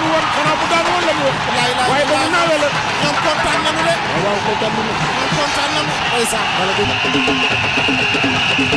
leen woon xanaa bu daan woon la ñu wax. waaye ba mu naawee la. ñoom kontaan nañu de. waaw waaw kontaan nañu. ñoom kontaan nañu.